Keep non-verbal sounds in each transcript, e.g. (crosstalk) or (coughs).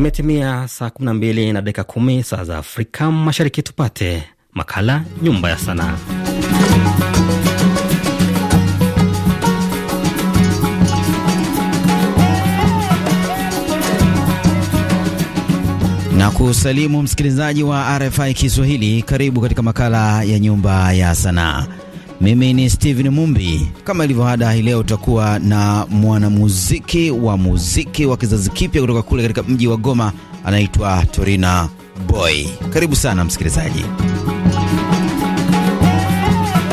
Imetimia saa 12 na dakika kumi saa za Afrika Mashariki. Tupate makala Nyumba ya Sanaa. na kusalimu msikilizaji wa RFI Kiswahili. Karibu katika makala ya Nyumba ya Sanaa. Mimi ni Steven Mumbi. Kama ilivyo ada, hii leo utakuwa na mwanamuziki wa muziki wa kizazi kipya kutoka kule katika mji wa Goma, anaitwa Torina Boy. Karibu sana msikilizaji,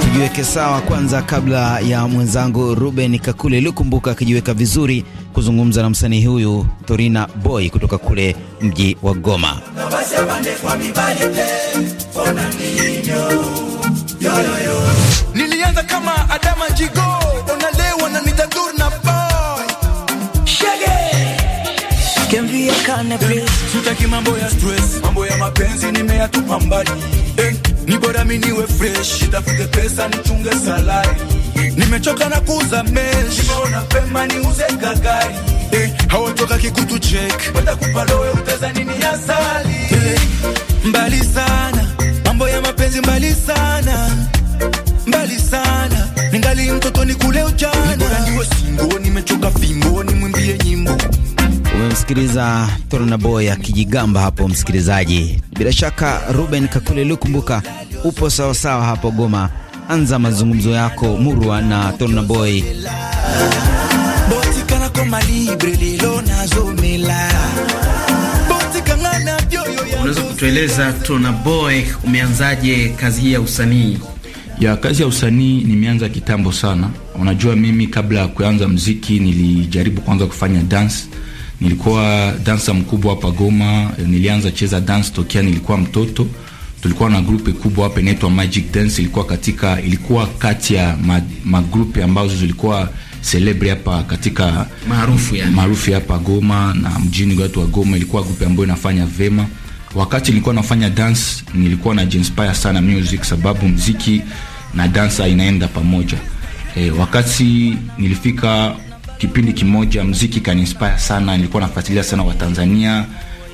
tujiweke sawa kwanza kabla ya mwenzangu Ruben Kakule iliyokumbuka akijiweka vizuri kuzungumza na msanii huyu Torina Boy kutoka kule mji wa Goma. Adama Jigo Donalewa na nitadur na boy Shege Kemvia kane please Sutaki mambo ya stress Mambo ya mapenzi nimeyatupa mbali eh, Ni bora mimi niwe fresh Nitafute pesa nichunge salari Nimechoka na kuuza mesh Nimeona pema niuze gagari eh, Hawatoka kikutu check Wata kupalowe uteza nini ya sali eh, Mbali sana kusikiliza Torna Boy akijigamba hapo, msikilizaji. Bila shaka Ruben Kakule Lukumbuka, upo sawasawa sawa hapo Goma. Anza mazungumzo yako murwa na Torna Boy. Unaweza kutueleza Torna Boy, umeanzaje kazi hii ya usanii? Ya kazi ya usanii nimeanza kitambo sana. Unajua, mimi kabla ya kuanza mziki nilijaribu kwanza kufanya dance Nilikuwa dansa mkubwa hapa Goma, nilianza cheza dance tokea nilikuwa mtoto. Tulikuwa na grupe kubwa hapa inaitwa Magic Dance, ilikuwa katika ilikuwa kati ya magrupe ma ambazo zilikuwa celebre hapa katika maarufu yani, maarufu hapa Goma na mjini watu wa Goma. Ilikuwa grupe ambayo inafanya vema. Wakati nilikuwa nafanya dance, nilikuwa na inspire sana music, sababu mziki na dansa inaenda pamoja. E, wakati nilifika kipindi kimoja mziki kaniinspire sana, nilikuwa nafuatilia sana Watanzania,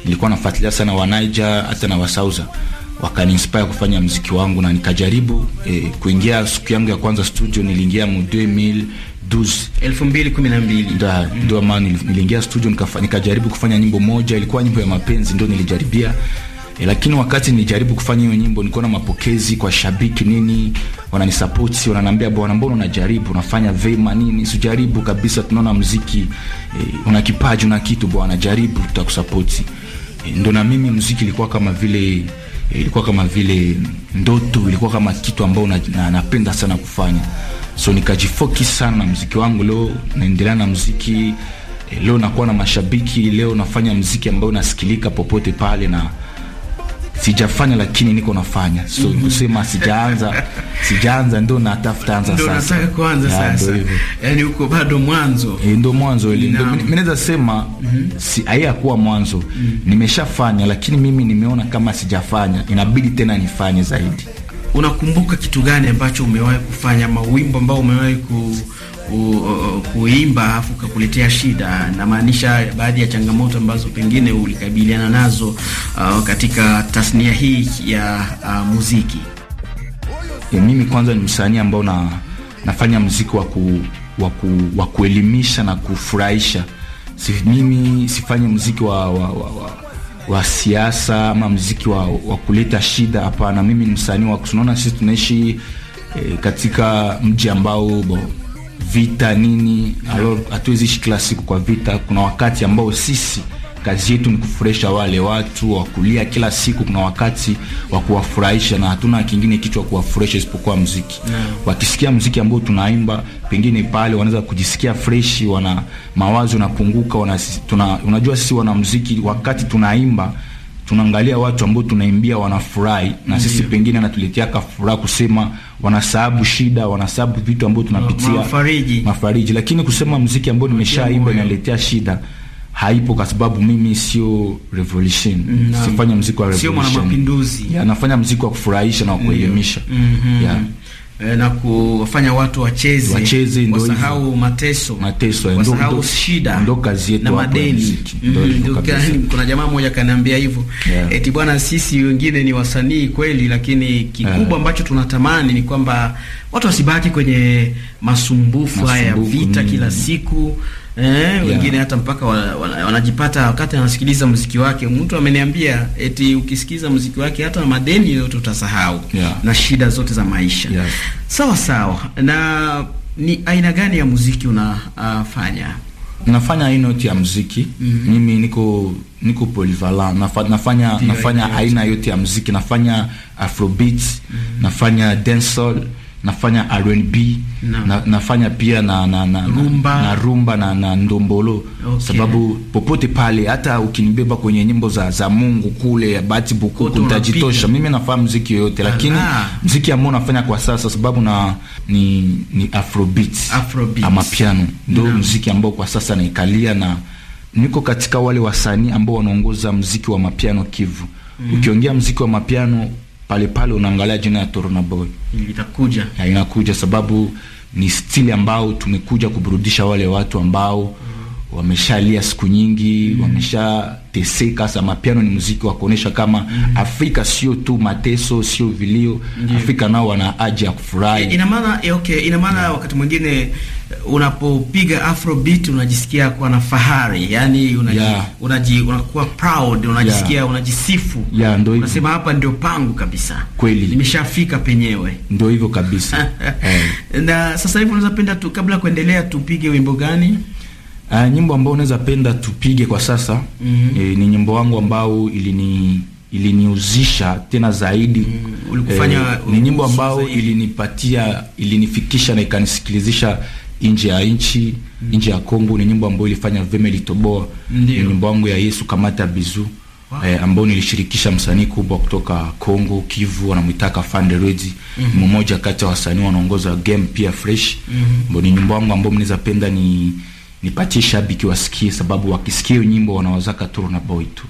nilikuwa nafuatilia sana wa Niger hata na wasauza wakaniinspire kufanya mziki wangu na nikajaribu e, kuingia. Siku yangu ya kwanza studio niliingia mu 2012 2012, ndio ndio maana niliingia studio nikajaribu kufanya nyimbo moja, ilikuwa nyimbo ya mapenzi, ndio nilijaribia E, lakini wakati nilijaribu kufanya hiyo nyimbo nilikuwa mapokezi kwa shabiki nini, wananisapoti wananiambia, bwana, mbona unajaribu unafanya vema nini? Sijaribu kabisa, tunaona muziki e, una kipaji una kitu bwana, jaribu tutakusapoti. E, eh, ndo na mimi muziki ilikuwa kama vile e, ilikuwa kama vile ndoto, ilikuwa kama kitu ambao napenda na sana kufanya, so nikajifocus sana na muziki wangu. Leo naendelea na muziki, leo nakuwa na mashabiki, leo nafanya muziki ambao unasikilika popote pale na sijafanya lakini niko nafanya, so mm -hmm. kusema sijaanza (laughs) sijaanza ndo natafuta anza sasa, ndo nataka kuanza sasa, yani uko bado mwanzo e, eh, ndo mwanzo ile ndo mimi naweza sema mm -hmm. si kuwa mwanzo mm -hmm. nimeshafanya, lakini mimi nimeona kama sijafanya, inabidi tena nifanye zaidi. Unakumbuka kitu gani ambacho umewahi kufanya, mawimbo ambao umewahi ku ku, uh, kuimba afu kakuletea shida, namaanisha baadhi ya changamoto ambazo pengine ulikabiliana nazo uh, katika tasnia hii ya uh, muziki. E, mimi kwanza ni msanii ambao na, nafanya muziki wa ku, wa ku, wa kuelimisha na kufurahisha. Si, mimi sifanye muziki wa, wa, wa, wa, wa siasa ama muziki wa, wa kuleta shida. Hapana, mimi ni msanii wa, tunaona sisi tunaishi e, katika mji ambao bo, vita nini, alors hatuwezi ishi kila siku kwa vita. Kuna wakati ambao sisi kazi yetu ni kufurahisha wale watu wa kulia kila siku. Kuna wakati wa kuwafurahisha, na hatuna kingine kichwa kuwafurahisha isipokuwa muziki yeah. Wakisikia muziki ambao tunaimba pengine pale, wanaweza kujisikia freshi, wana mawazo napunguka, wana, tuna, unajua sisi wana muziki wakati tunaimba tunaangalia watu ambao tunaimbia wanafurahi na sisi Ndiyo. Pengine anatuletea kafuraha kusema wanasahabu shida, wanasahabu vitu ambavyo tunapitia mafariji. Mafariji, lakini kusema mziki ambao nimeshaimba inaletea shida haipo, kwa sababu mimi sio revolution mm Sifanye wa revolution, sio mwanamapinduzi yeah. Nafanya mziki wa kufurahisha na wa kuelimisha mm -hmm. yeah. Eh, na kuwafanya watu wacheze wacheze, ndio wasahau mateso mateso, wasahau shida, ndio kazi yetu na madeni. Mm-hmm. (laughs) Kuna jamaa mmoja kaniambia hivyo yeah. Eti bwana, sisi wengine ni wasanii kweli, lakini kikubwa yeah. ambacho tunatamani ni kwamba watu wasibaki kwenye masumbufu haya ya vita mm. kila siku Eh, wengine hata mpaka wanajipata wana, wana wakati anasikiliza muziki wake. Mtu ameniambia eti ukisikiza muziki wake hata madeni yote utasahau yeah. na shida zote za maisha yes. sawa sawa. Na ni aina gani ya muziki unafanya? Uh, nafanya aina yote ya muziki mm -hmm. mimi niko niko polyvalent Nafa, nafanya Dio, nafanya aina yote ya muziki, nafanya afrobeat mm -hmm. nafanya dancehall nafanya R&B na, nafanya pia na, na, na, rumba na, rumba na, na ndombolo okay. Sababu popote pale hata ukinibeba kwenye nyimbo za, za Mungu kule ya Bahati Bukuku nitajitosha mimi, nafaa mziki yoyote, lakini mziki ambao nafanya kwa sasa sababu na ni, ni Afrobeat, Afrobeat. ama piano ndo mziki ambao kwa sasa naikalia na niko katika wale wasanii ambao wanaongoza mziki wa mapiano Kivu. Mm. Ukiongea mziki wa mapiano pale pale unaangalia jina ya Torna Boy itakuja, inakuja sababu ni stili ambao tumekuja kuburudisha wale watu ambao mm wameshalia siku nyingi, mm. wameshateseka. Sa mapiano ni muziki wa kuonyesha kama mm. Afrika sio tu mateso, sio vilio. Afrika nao wana haja ya kufurahi. Ina maana okay, ina maana yeah. wakati mwingine unapopiga afrobeat unajisikia kuwa na fahari, yani unaji, yeah. unaji unakuwa proud, unajisikia yeah. unajisifu yeah, ndio hivyo, unasema hapa ndio pangu kabisa, kweli nimeshafika penyewe, ndio hivyo kabisa. (laughs) Eh. Na sasa hivi unaweza penda tu, kabla kuendelea, tupige wimbo gani? Uh, nyimbo ambayo unaweza penda tupige kwa sasa mm -hmm. E, ni nyimbo wangu ambao ilini iliniuzisha tena zaidi mm, ulikufanya, e, ni nyimbo ambao ilinipatia ilinifikisha na ikanisikilizisha nje ya nchi mm. nje ya Kongo. Ni nyimbo ambayo ilifanya vema, ilitoboa. Ni nyimbo yangu ya Yesu kamata bizu wow. E, ambao nilishirikisha msanii kubwa kutoka Kongo Kivu, anamuitaka Fande Redi mm -hmm. mmoja kati ya wasanii wanaongoza game pia fresh mm -hmm. ni nyimbo yangu ambao mnaweza penda ni nipatie shabiki wasikie, sababu wakisikia nyimbo wanawazaka Turna Boy tu.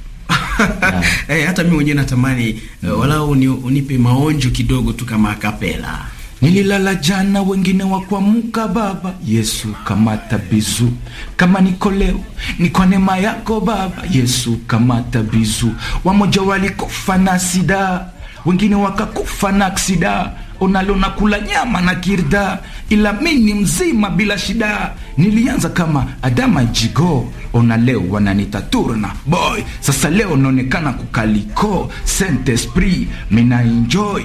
yeah. (laughs) Hey, hata mimi mwenyewe natamani eh, mm. uh, walau uni, unipe maonjo kidogo tu kama akapela. Nililala jana wengine wa kuamka, Baba Yesu kamata bizu, kama niko leo ni kwa neema yako Baba Yesu kamata bizu. Wamoja walikufa na sida, wengine wakakufa na aksida unalona kula nyama na kirda, ila ni mzima bila shida. Nilianza kama Adama Jigo, ona leo wananita Turna boy, sasa leo naonekana kukaliko Saint Esprit, mina enjoy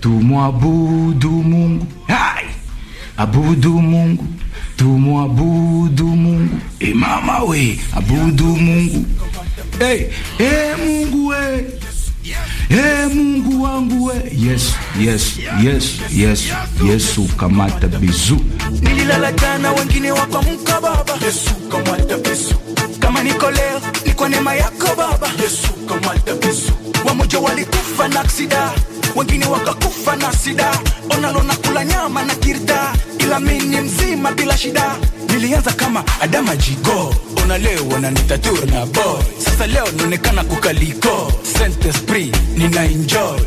tumwabudu Mungu hai, abudu Mungu tumwabudu Mungu imama eh, we, abudu Mungu hey, eh, eh, hey, Mungu we Ee Mungu wangu we, Yesu, Yesu, Yesu, Yesu, Yesu kamata bizu. Nililala jana wengine wakamka baba. Yesu kamata bizu. Kama niko leo ni kwa neema yako Baba. Yesu kamwalta Yesu, wamoja walikufa na aksida, wengine wakakufa na sida, onalona kula nyama na kirda, ila mimi mzima bila shida. Nilianza kama Adama Jigo, ona leo wananita Turna boy, sasa leo naonekana kukaliko Saint Esprit nina enjoy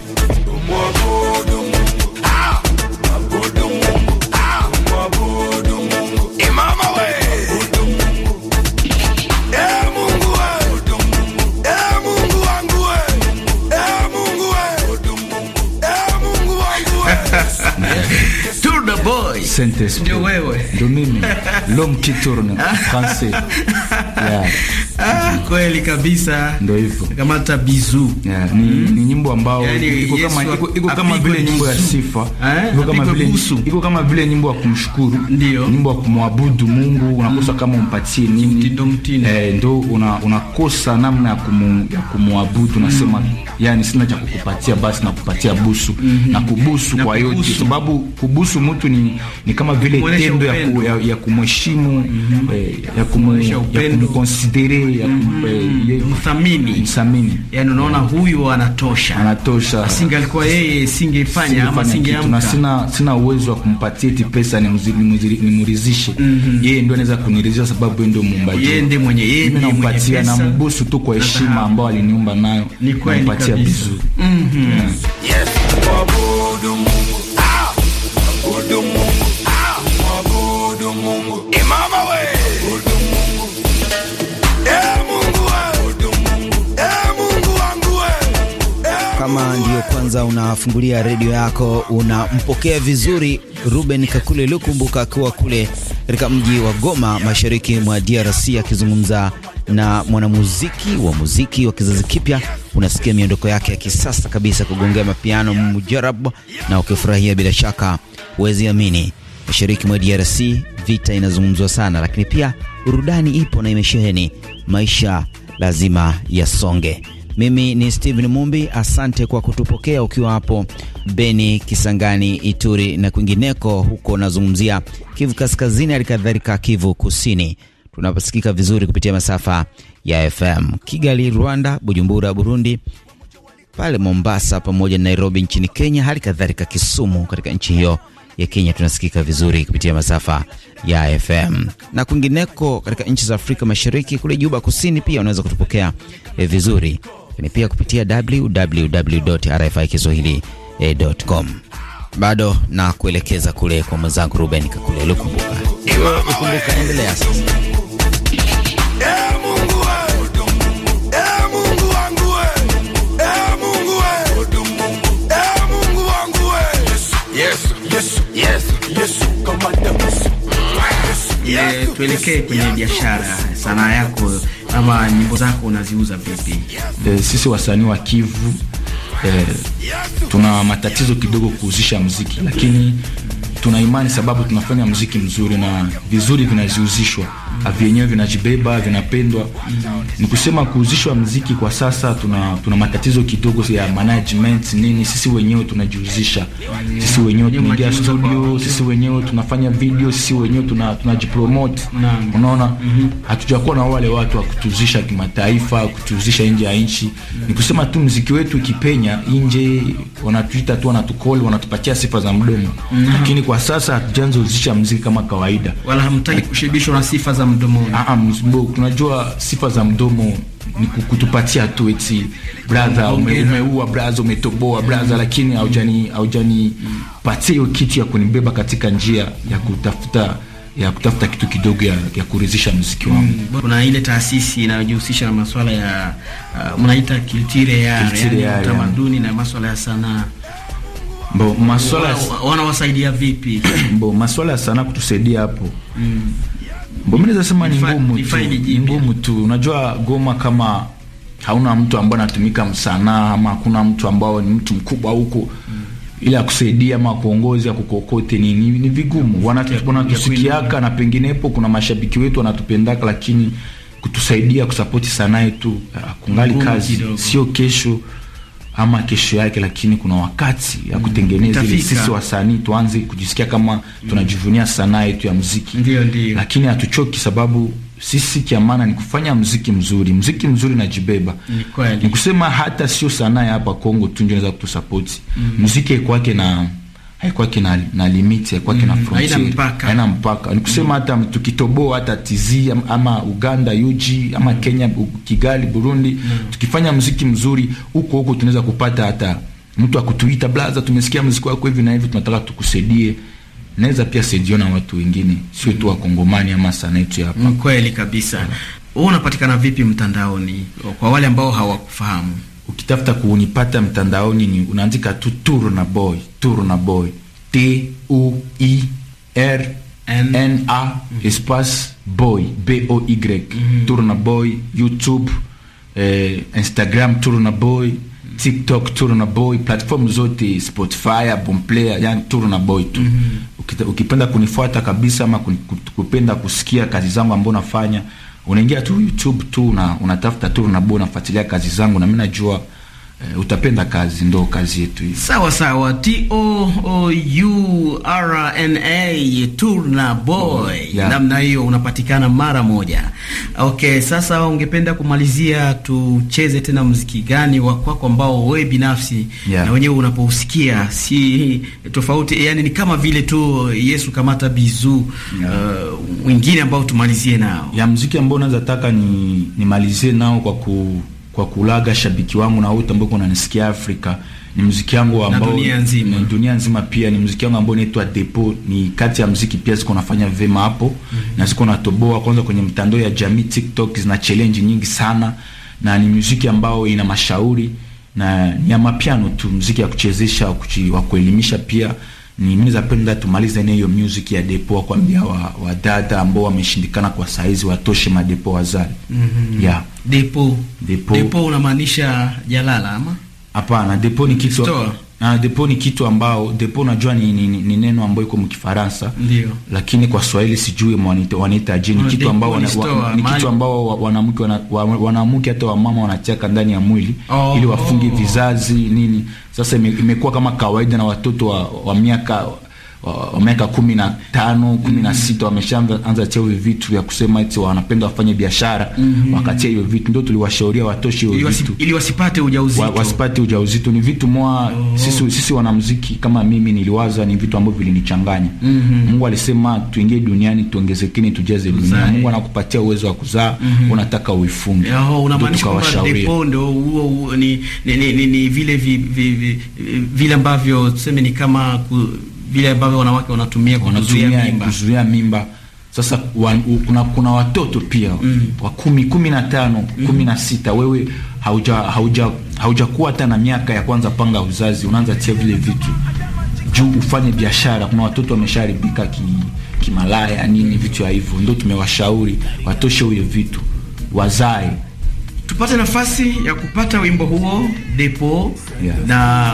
umwabudu Saint-Esprit. ouais, ouais. Domine. L'homme qui tourne. Français. (laughs) Yeah. Ah, kweli kabisa. Ndio hivyo. Kama hata bizu. Yeah, ni, mm. ni nyimbo ambayo iko kama iko, kama vile nyimbo ya sifa. Eh? Iko kama vile iko kama vile nyimbo ya kumshukuru. Ndio. Nyimbo ya kumwabudu Mungu unakosa mm. kama umpatie nini. Eh, ndio una unakosa namna ya kumu, ya kumwabudu nasema mm. yani sina cha kukupatia basi na nakupatia busu mm -hmm. na kubusu na kwa yote sababu kubusu mtu ni, ni kama vile tendo ya, ku, ya, ya kumheshimu mm -hmm. eh, ya kumkonsidere mthamini mm-hmm. mthamini, yani unaona huyu anatosha, anatosha. Singe alikuwa yeye singefanya ama singeamka. Sina sina uwezo wa kumpatia eti pesa ni mzili ni nimurizishe mm-hmm. yeye, ndio anaweza kuniridhisha sababu yeye ndio muumbaji, yeye ndiye mwenye, yeye ndiye mwenye, na mbusu tu kwa heshima ambayo aliniumba nayo, ni nimpatia vizuri. Mm-hmm. Kama ndiyo kwanza unafungulia redio yako, unampokea vizuri Ruben Kakule Lukumbuka akiwa kule katika mji wa Goma, mashariki mwa DRC, akizungumza na mwanamuziki wa muziki wa kizazi kipya. Unasikia miondoko yake ya kisasa kabisa, kugongea mapiano mujarab, na ukifurahia bila shaka, huwezi amini. Mashariki mwa DRC vita inazungumzwa sana, lakini pia burudani ipo na imesheheni. Maisha lazima yasonge. Mimi ni Steven Mumbi, asante kwa kutupokea ukiwa hapo Beni, Kisangani, Ituri na kwingineko huko. Nazungumzia Kivu Kaskazini, halikadhalika Kivu Kusini. tunaposikika vizuri kupitia masafa ya FM Kigali, Rwanda, Bujumbura, Burundi, pale Mombasa pamoja na Nairobi nchini Kenya, hali kadhalika Kisumu katika nchi hiyo ya Kenya tunasikika vizuri kupitia masafa ya FM na kwingineko katika nchi za Afrika Mashariki. Kule Juba Kusini pia unaweza kutupokea eh, vizuri lakini pia kupitia www.rfikiswahili.com. Bado na kuelekeza kule kwa mwenzangu Ruben Kakule lukumbuka lukumbuka, endelea sasa. Eh, tuelekee kwenye biashara, sanaa yako ama nyimbo zako unaziuza vipi? E, sisi wasanii wa Kivu e, tuna matatizo kidogo kuuzisha muziki, lakini tuna imani sababu tunafanya muziki mzuri na vizuri vinaziuzishwa vyenyewe vinajibeba vinapendwa. Ni kusema kuuzishwa mziki kwa sasa, tuna, tuna matatizo kidogo ya management nini. Sisi wenyewe tunajiuzisha sisi wenyewe tunaingia studio, sisi wenyewe tunafanya video, sisi wenyewe tunajipromote, tuna unaona, hatujakuwa na wale watu wa kutuuzisha kimataifa, kutuuzisha nje ya nchi. Ni kusema tu mziki wetu ikipenya nje, wanatuita tu, wanatukoli, wanatupatia sifa za mdomo, lakini kwa sasa hatujaanza uzisha mziki kama kawaida, wala hamtaki kushibishwa na sifa za za mdomo. Ah, ah mbo, tunajua sifa za mdomo ni kutupatia tu eti brother, umeua brother, umetoboa brother, lakini haujani haujani patia hiyo kitu ya kunibeba katika njia ya kutafuta ya kutafuta kitu kidogo ya, ya kuridhisha muziki wangu. Mm, kuna ile taasisi inayojihusisha na masuala ya uh, mnaita kiltire ya yani, tamaduni na masuala ya sanaa. Mbo, masuala wanawasaidia vipi? (coughs) Mbo, masuala ya sanaa kutusaidia hapo. Mm mbona naweza sema ni ngumu tu, ngumu tu. Unajua Goma kama hauna mtu ambaye anatumika msanaa ama hakuna mtu ambao ni mtu mkubwa huko ili mm. Ila ama kuongoza kukokote ni, ni, ni vigumu. Wanatusikiaka na penginepo kuna mashabiki wetu wanatupendaka, lakini kutusaidia kusapoti sanaa yetu uh, kungali kazi, sio kesho ama kesho yake, lakini kuna wakati ya kutengeneza mm, sisi wasanii tuanze kujisikia kama tunajivunia sanaa yetu ya muziki. Ndio, ndio. Lakini hatuchoki sababu sisi kia maana ni kufanya mziki mzuri, mziki mzuri najibeba, ni kusema hata sio sanaa ya hapa Kongo tu ndio inaweza kutusapoti mm. muziki mm. kwake na haikuwaki na, na limiti haikuwaki na mm, frontier haina mpaka, haina mpaka. Ni kusema mm. hata mm. tukitoboa hata tizi ama Uganda yuji ama mm. Kenya Kigali Burundi mm. tukifanya mziki mzuri huko huko tunaweza kupata hata mtu akutuita blaza, tumesikia mziki wako hivi na hivi, tunataka tukusaidie naweza pia sedio na watu wengine, sio tu wakongomani ama sana yetu hapa. Kweli kabisa. Wewe unapatikana vipi mtandaoni kwa wale ambao hawakufahamu? ukitafuta kunipata mtandaoni ni unaandika tu na Boy, na Boy, T U I R N N A espace boy B O Y mm. na Boy YouTube, eh, Instagram na Boy TikTok Turna Boy, platform zote Spotify, Bonplayer, yani Turna Boy tu mm -hmm. Ukipenda kunifuata kabisa ama kupenda kusikia kazi zangu ambazo nafanya unaingia tu YouTube tu unatafuta tu, unabua unafuatilia kazi zangu, na mimi najua Uh, utapenda kazi ndo kazi yetu hii. Sawa sawa, T O O U R N A Turna Boy, oh, yeah. Namna hiyo unapatikana mara moja. Okay, sasa ungependa kumalizia, tucheze tena mziki gani wa kwako ambao wewe binafsi yeah. na wenyewe unapousikia si tofauti, yani ni kama vile tu Yesu kamata bizu yeah. uh, wengine ambao tumalizie nao ya mziki ambao unaweza taka ni nimalizie nao kwa ku kwa kulaga shabiki wangu na wote ambao kunanisikia Afrika ni muziki wangu ambao dunia nzima. dunia nzima pia ni muziki wangu ambao unaitwa Depo, ni kati ya muziki pia ziko nafanya vema hapo mm -hmm. na ziko natoboa kwanza kwenye mtandao ya jamii TikTok, zina challenge nyingi sana, na ni muziki ambao ina mashauri na ni ya mapiano tu, muziki ya kuchezesha wa kuelimisha pia Nimeweza penda tumalize na hiyo music ya depo kuambia wa, wa dada ambao wameshindikana kwa saizi watoshe madepo wazali. Mm -hmm. Yeah. Depo. Depo. Depo unamaanisha jalala ama? Hapana, depo ni kitu Uh, ah, depo ni kitu ambao depo najua ni, ni, ni neno ambayo iko mkifaransa lakini kwa Swahili sijui wanaita ni kitu ambao wana, ni kitu ambao wanamke wanamke hata wamama wanachaka ndani ya mwili oh, ili wafunge oh, vizazi nini. Sasa imekuwa kama kawaida na watoto wa, wa miaka uh, miaka kumi na tano kumi na sita wameshaanza tia hivyo vitu vya kusema eti wanapenda wafanye biashara mm -hmm. Wakatia hivyo vitu, ndio tuliwashauria watoshe hivyo vitu ili wasipate ujauzito wa, wasipate ujauzito ni vitu mwa oh. Sisi, sisi wanamuziki kama mimi niliwaza ni vitu ambavyo vilinichanganya mm -hmm. Mungu alisema tuingie duniani tuongezekeni tujaze dunia. Mungu anakupatia uwezo wa kuzaa mm -hmm. Unataka uifunge unamaanisha kwamba depondo huo ni, ni, ni, ni, ni vile vi, vi, vi, vile ambavyo tuseme ni kama ku, vile ambavyo wanawake wanatumia kuzuia mimba. Kuzuia mimba. Sasa wa, u, kuna, kuna watoto pia mm. wa kumi, kumi na tano, mm. kumi na sita. Wewe hauja hauja haujakuwa hata na miaka ya kwanza panga uzazi, unaanza tia vile vitu juu ufanye biashara. Kuna watoto wameshaharibika ki kimalaya nini vitu ya hivyo, ndio tumewashauri watoshe huyo vitu wazae. Tupate nafasi ya kupata wimbo huo depo yeah. na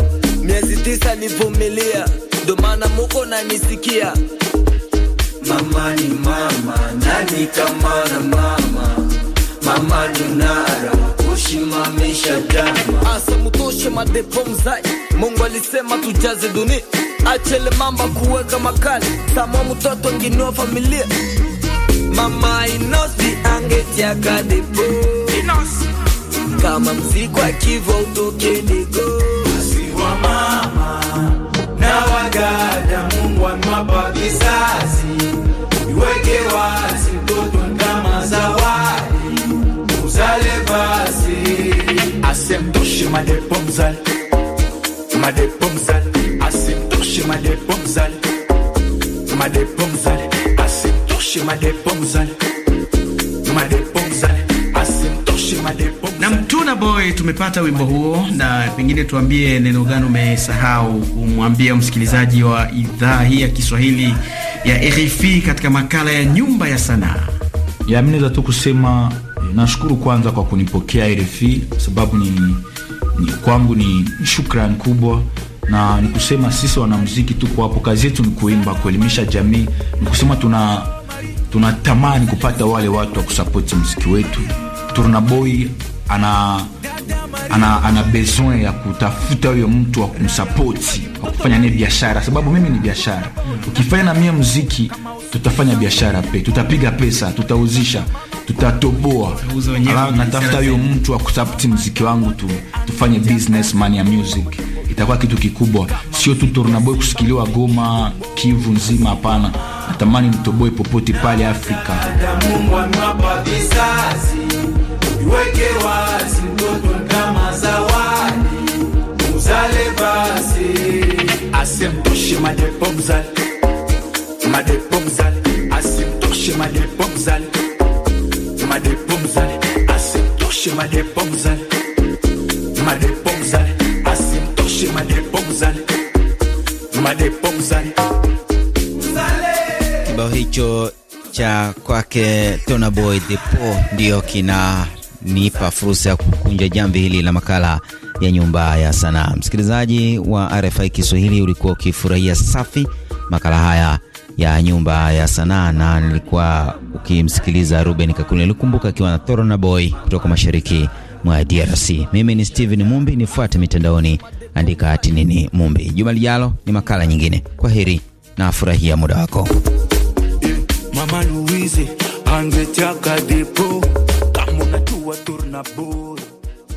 miezi tisa nivumilia, ndo maana muko nanisikia. Mama ni mama, nani kama na mama? Mama nara kushimamisha dama, asa mutoshe madepo mzai. Mungu alisema tujaze dunia, achele mamba kuweka makali, sama mutoto nginua familia. Mama Inosi angetiaka depo kama mzikwa akivo utukidiko mama na wadada, Mungu amewapa kizazi, iweke wazi mtoto kama zawadi, uzale basi asimtoshe madepo mzali madepo mzali asimtoshe madepo mzali madepo mzali asimtoshe madepo mzali madepo Burna Boy tumepata wimbo huo, na pengine tuambie neno gani umesahau kumwambia msikilizaji wa idhaa hii ya Kiswahili ya RFI katika makala ya nyumba ya sanaa. Ya mimi tu kusema nashukuru kwanza kwa kunipokea RFI, sababu ni, ni kwangu ni shukrani kubwa na ni kusema sisi wanamuziki tuko hapo, kazi yetu ni kuimba, kuelimisha jamii. Ni kusema tuna tunatamani kupata wale watu wa kusapoti muziki wetu. Turnaboy ana ana, ana besoin ya kutafuta huyo mtu wa kumsapoti wa kufanya naye biashara, sababu mimi ni biashara. Ukifanya na mie mziki, tutafanya biashara pe, tutapiga pesa, tutauzisha, tutatoboa. Alafu natafuta huyo mtu wa kusapoti mziki wangu tu, tufanye business man ya music, itakuwa kitu kikubwa, sio tu Tornaboy kusikiliwa Goma, Kivu nzima, hapana. Natamani mtoboe popote pale Afrika iweke wazi mtoto kama zawadi, uzale basi, asimtoshe madepo mzali, madepo mzali, asimtoshe madepo mzali, madepo mzali, asimtoshe madepo mzali, madepo mzali, asimtoshe madepo mzali, madepo mzali Kibao hicho cha kwake Tona Boy Depo ndio kina kunipa fursa ya kukunja jamvi hili la makala ya Nyumba ya Sanaa. Msikilizaji wa RFI Kiswahili, ulikuwa ukifurahia safi makala haya ya Nyumba ya Sanaa, na nilikuwa ukimsikiliza Ruben Kakuni alikumbuka akiwa na Thorona Boy kutoka mashariki mwa DRC. Mimi ni Steven Mumbi, nifuate mitandaoni, andika tinini Mumbi. Juma lijalo ni makala nyingine. Kwa heri na furahia muda wako. Mama Louise, voiture n'a beau